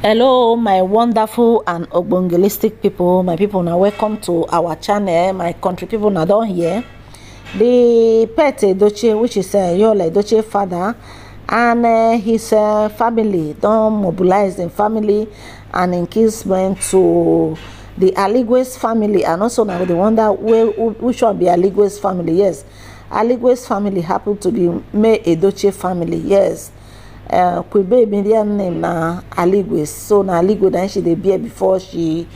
hello my wonderful and ogbongelistic people my people now welcome to our channel my country people now down hear the pet edoche which is uh, yola edoche father and uh, his uh, family don mobilize im family and im went to the aligwes family and also now dey wonder where which one be aligwes family yes aligwes family happen to be may edoche family yes uh, eh, Quebe Median name na Aligwe. So na Aligwe then she debut before she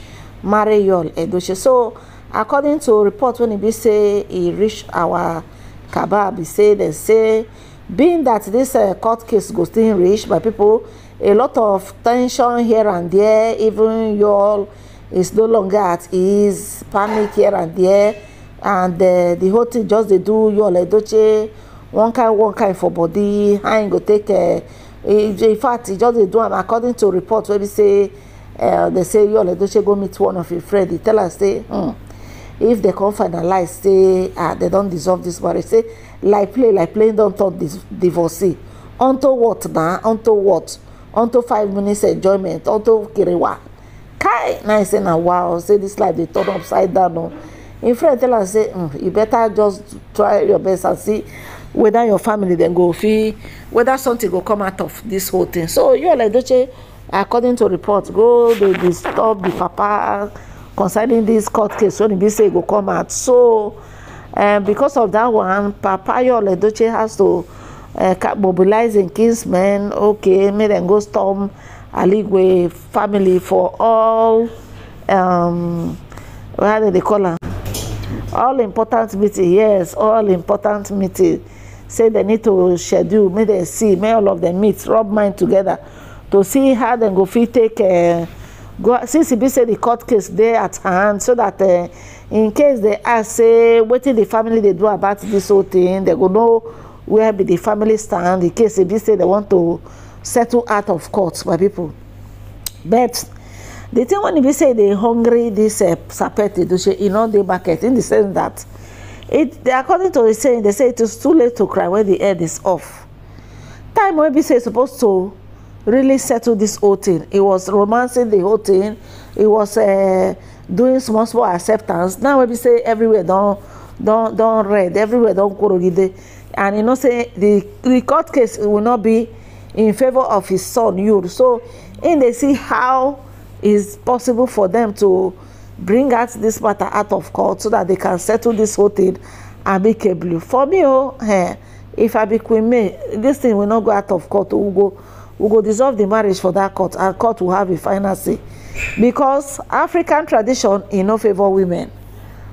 marry Yul Edoche So according to report when e be say he reach our Kabab, he say they say being that this uh, court case go still reached by people, a lot of tension here and there, even Yul is no longer at ease, panic here and there, and uh, the whole thing just they do Yul Edoche one kind one kind for body, I you e go take uh, in fact e just dey do am according to report wey be say dey uh, say yul edoche go meet one of im friend e tell am say hmm if they come finalize say ah dem don dissolve dis marriage say like play like play don turn divorcee unto what na unto what unto five minutes enjoyment unto kerewa kai na he say na wow say this life dey turn upside down o oh. im friend tell am say hmm, you better just try your best and see whether your family then go fit whether something go come out of this whole thing so you olayidoche according to report go dey disturb the papa concerning this court case wey be say e go come out so um, because of that one papa yoledoche has to uh, mobilize im kinsmen okay make dem go storm aligwe family for all um, how they call am all important meeting yes all important meeting say they need to schedule make they see make all of dem meet rub mind together to see how dem go fit take uh, go since e be say the court case dey at hand so that uh, in case they ask say wetin the family dey do about this whole thing they go know where be the family stand in case e be say they want to settle out of court my people but the thing when we say they hungry this uh, sapete do she in all the market in the sense that it according to the saying they say it is too late to cry when the head is off time when we say supposed to really settle this whole thing it was romancing the whole thing it was uh, doing small small acceptance now when we say everywhere don't don't don't read everywhere don korogide and you know say the the court case will not be in favor of his son yur so in they see how Is possible for them to bring out this matter out of court so that they can settle this whole thing amicably for me oh eh, if i be Queen May this thing will not go out of court we go we go dissolve the marriage for that court and court will have a final say because african tradition in no favor women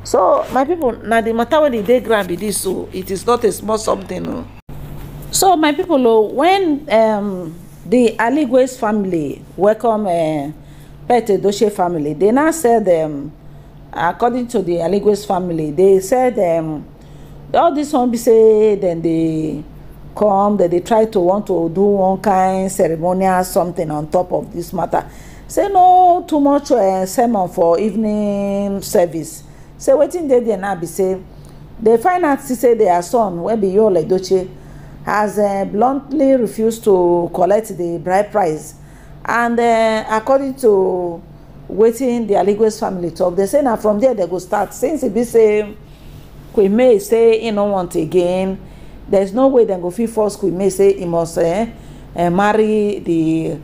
so my people now the matter when dey dey ground be this so oh. it is not a small something No. Oh. so my people oh, when um, the aligwe's family welcome. Uh, pet edoche family they now said um, according to the Aligwes family they said um, all this one be say dem they come that they try to want to do one kind ceremonial something on top of this matter say no too much uh, sermon for evening service say waiting, dey they now be say they find out say their son wey be Yul Edochie has uh, bluntly refused to collect the bride price and uh, according to wetin the aligwes family talk they say na from there they go start since e be say queen say e no want again there is no way dem go fit force queen say e must eh, eh, marry the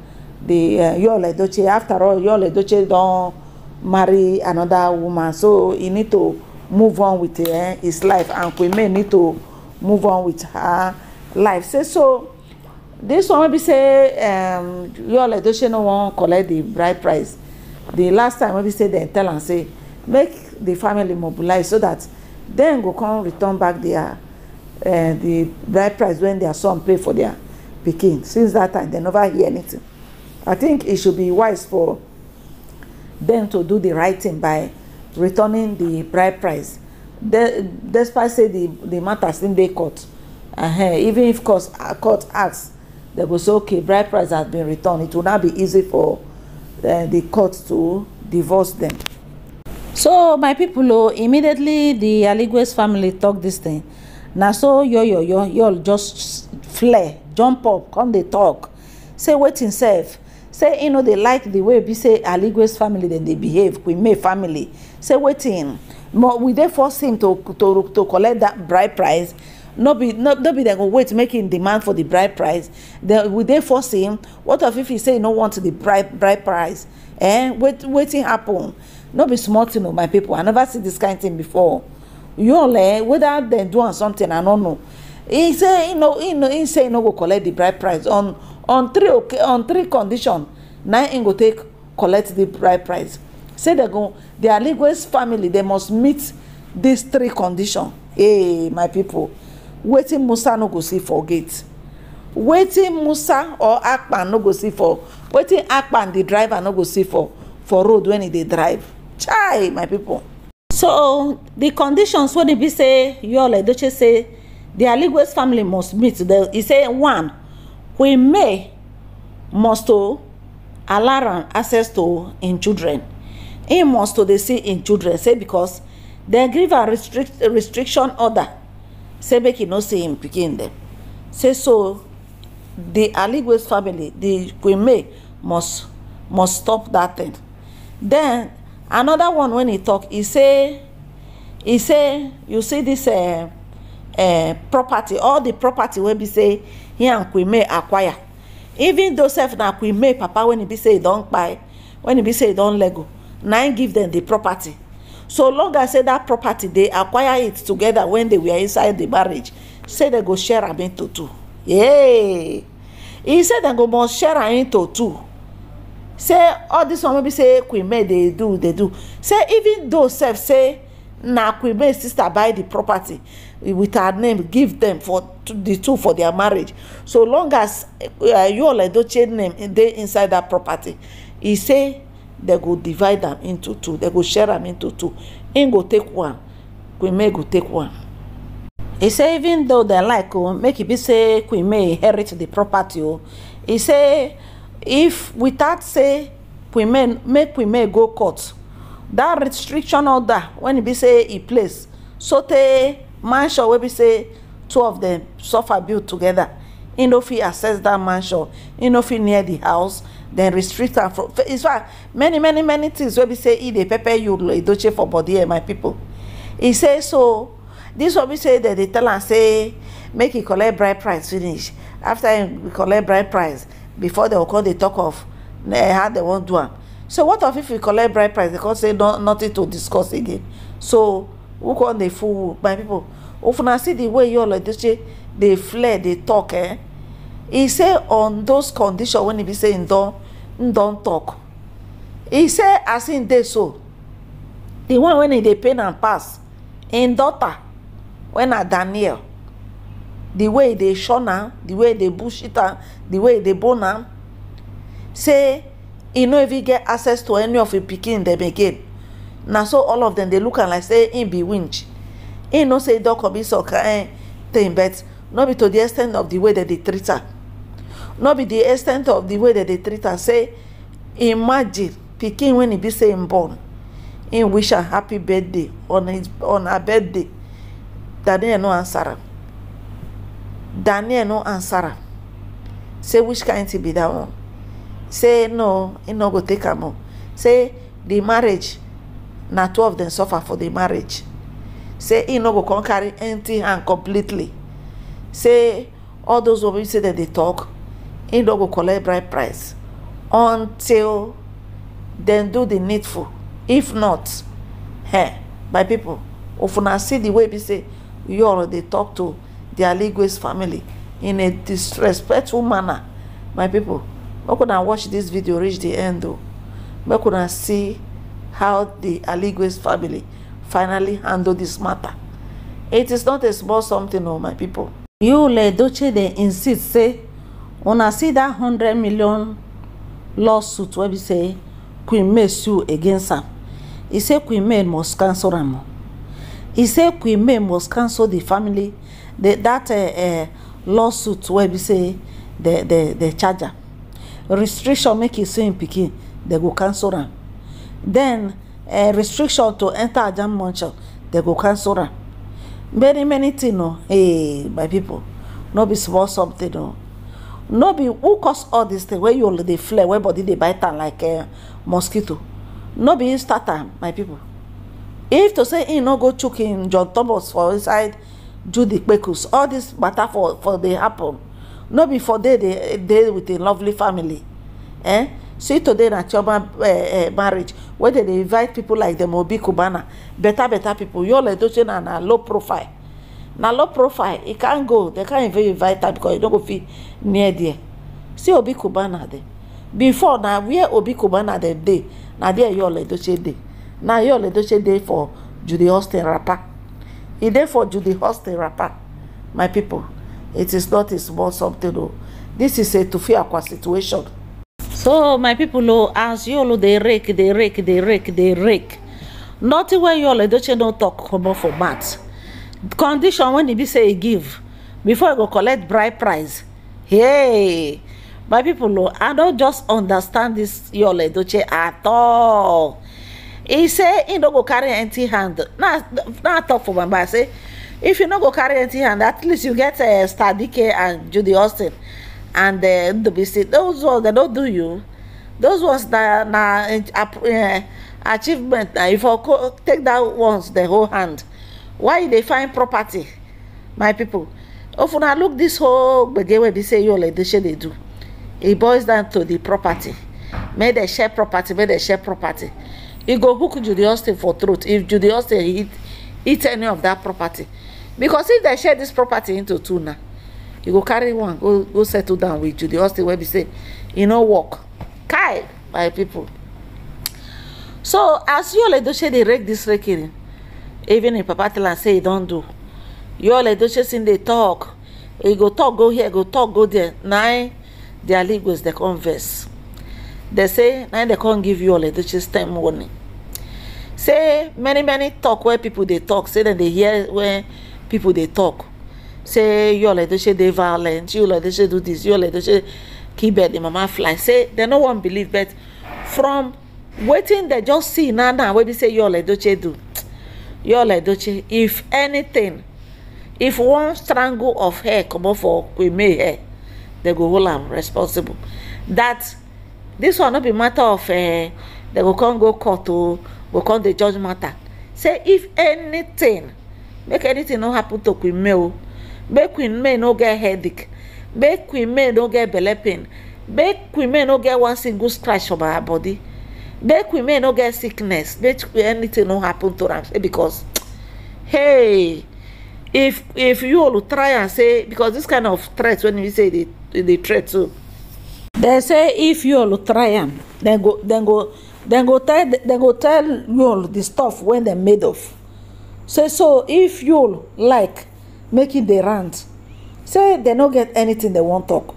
the uh, yul edochie after all yul edochie don marry another woman so e need to move on with eh, his life and queen need to move on with her life say so. so this one wey be say um, yul edochie no wan collect the bride price the last time wey be say dem tell am say make the family mobilize so that dem go come return back their uh, the bride price when their son pay for their pikin since that time dem never hear anything i think e should be wise for dem to do the right thing by returning the bride price de despite say the the matter still dey court uh -huh. even if court uh, court ask they go say okay bride price has been returned it will not be easy for uh, the court to divorce them. so my people oh, immediately the aligwes family talk this thing Now, so yo yo yo, yall just flare jump up come dey talk say wetin safe. say you e know they like the way we say aligwes family Then they behave queen may family say wetin we dey force him to to to collect that bride price no be no be They go wait make him demand for the bride price Then will they force him what of if he say he no want the bride bride price eh waiting happen no be small tin oh, my people. i never see dis kain thing before all eh whether they doing something i don't know he say he no go collect the bride price on on three okay on three condition Now he go take collect the bride price say they go their alleged family they must meet these three condition hey eh, my people wetin musa no go see for gate wetin musa or akpan no go see for wetin akpan the driver no go see for for road when he dey drive chai my people. so di conditions wey dey be say yul edoche say di aligwes family must meet e say one we may must to allow am access to im children im must to dey see im children say because dem give am restriction order say make he no see him pikin dem say so the aligwe's family the queen must must stop that thing Then another one when he talk, he say he say you see this dis eh, eh, property all the property wey be say he and queen acquire even though sef na queen papa when he be say e don kpai wen e be say e don lego na im give them the property so long as say that property dey acquire it together when they were inside the marriage say they go share am into two yay He say they go must share am into two say all this one wey be say queen may dey do dey do say even though sef say na queen may sister buy the property with her name give them for the two for their marriage so long as eh, yul edochie name dey inside that property he say They go divide am into two They go share am into two him go take one queen may go take one He say even though they like oh make e be say queen may inherit the property oh e say if without say queen may make queen may go court that restriction order when e be say he place so sotey mansion wey be say two of them suffer build together In no fit access that mansion In no fit near the house then restrict am from in fact many many many things wey be say e dey pepper you edoche for body eh my people e say so This one be say dem dey tell am say make e collect bride price finish after im collect bride price before they go come dey talk of eh, how dem wan do am so what of if we collect bride price They come say no nothing to discuss again so who come dey fool my people if una see the way yall edoche dey flare dey talk eh He say on those condition when e be say im don don tok e say as e dey so di one wen e dey pain am pass im daughter wey na daniel di way e dey shun am di way e dey bullshit am di way e dey bone am say e no even get access to any of im pikin dem again na so all of dem dey look am like say im be winch him no say e don commit some kain thing but no be to di ex ten of di way dem dey treat am. no be the extent of the way that they treat her say imagine pikin when e be say im born im wish her happy birthday on his on her birthday daniel no answer am daniel no answer am say which kind thing be that one say no im no go take am o say the marriage na two of dem suffer for the marriage say im no go come carry empty hand completely say all those women say that they talk he no go collect bride price until dem do the needful if not eh my people of una see the way be say yoro dey talk to the aligwe's family in a disrespectful manner my people make una watch this video reach the end o oh. make una see how the aligwe's family finally handle this matter it is not a small something o oh, my people. yule doche dey insist say una see dat hundred million lawsuit wey be say queen may sue against am e say queen may must cancel am e say queen may must cancel the family the, that uh, uh, lawsuit wey be say the the the charger restriction make e see im pikin dem go cancel am then uh, restriction to enter ajah mansion dem go cancel am many many things o oh, hey, my people no be small something o. Oh no be who cause all this thing where you dey flare wey body dey bite am like eh, mosquito no be him start am my people. if to say him no go chook him john thomas for inside judy kpekus all this matter for for dey happen no be for day dey with a lovely family eh see today na chioma eh, eh, marriage wey dem dey invite people like dem obi kubana beta beta pipo yole edoche na na low profile na low profile e can't go They can't even invite am because e no go fit near there see obi kubana there. before na where obi kubana dem dey na there yul edochie dey na yul edochie dey for judy austin rapper e dey for judy austin rapper my pipo it is not a small something o oh. this is a tufi akwa situation. so my people, o oh, as yolo dey rake dey rake dey rake dey rake nothing wey yul edochie no talk comot for mouth condition when e be say e give before e go collect bride price hey my people i don just understand this yole doche at all e say e no go carry empty hand na talk for my mind say if you no go carry empty hand at least you get uh, stardike and judy austin and uh, ndobisi those ones dem no do you those ones na eh, eh, achievement na if you take that ones the whole hand why you dey find property my people if una look this whole gbege wey be say yo ledeche dey do e boils down to the property make dem share property make dem share property e go hook judy austin for throat if judy austin eat eat any of that property because if dem share this property into two now you e go carry one go go settle down with judy austin wey be say e no work kai my people so as yole doshe dey rake this rake in even if papa tell am say he don do yul edochiesin dey talk he go talk go here go talk go there na their ligues dey come vex dey say na dey come give you all yul edochiesin time warning say many many talk wey people dey talk say dem dey hear when people dey talk say yul edochie dey violent yul edochie do this yul edochie kill bird the mama fly say dem no wan believe but from wetin dem just see now now wey be say yul edochie do like edoche if anything if one strangle of hair comot for queen may hair dem go hold am responsible that this one no be matter of eh, they go come go court o go come dey judge matter say if anything make anything no happen to queen may o make queen may no get headache make queen may no get belle pain make queen may no get one single scratch for her body make may not get sickness make anything no happen to am because hey if if you all try and say because this kind of threat when you say the the threat too, they say if you all try am then go then go then go tell then go tell you all the stuff when dem made of say so if you all like making the rant say they no get anything They won't talk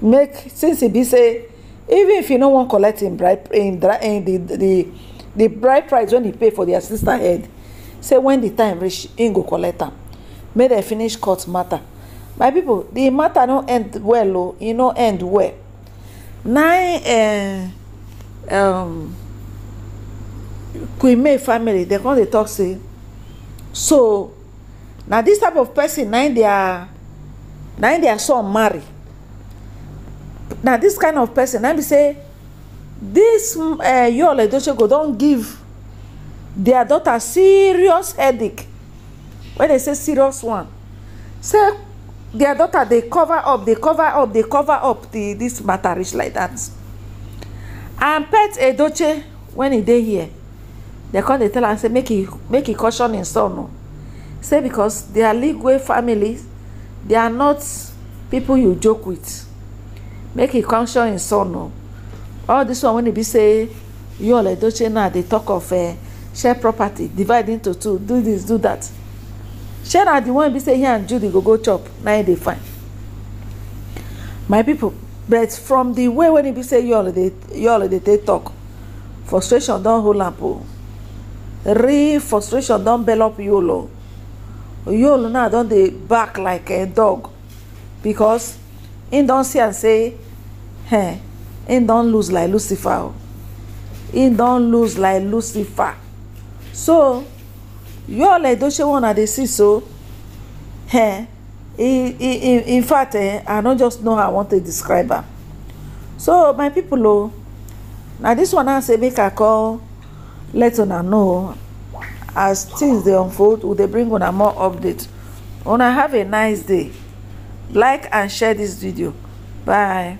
make since e be say even if you no wan collect him bride him eh, the the the bride price wey he pay for their sister head say when the time reach him go collect am make dem finish court matter my people the matter no end well o oh. e no end well na uh, eh, um, queen may family dem come dey talk say so na this type of person na im their na im their son marry na this kind of person na be say this dis eh, yul edochego don give their daughter serious headache when they say serious one say their daughter dey cover up dey cover up dey cover up this matter reach like that. and pet edoche when he dey here they come dey tell am say make he make he caution him son o oh. say becos dia league family are not people you joke with make e come show im son o all this one wen e be say you ole edoche now dey talk of eh, share property divide into two do this, do that. share na the one be say he and judy go go chop na e dey fine my people, but from the way when e be say you ole dey take talk frustration don hold am o oh. real frustration don bellop yolo oh. yolo now don dey bark like a dog because. He don see am say eh him don lose like lucifer He don lose like lucifer so you all like yall edosewo na dey see so eh in fact eh i no just know how i want to describe am so my people, o na this one now say make i call let una know as things dey unfold we dey bring una more update una have a nice day like and share this video bye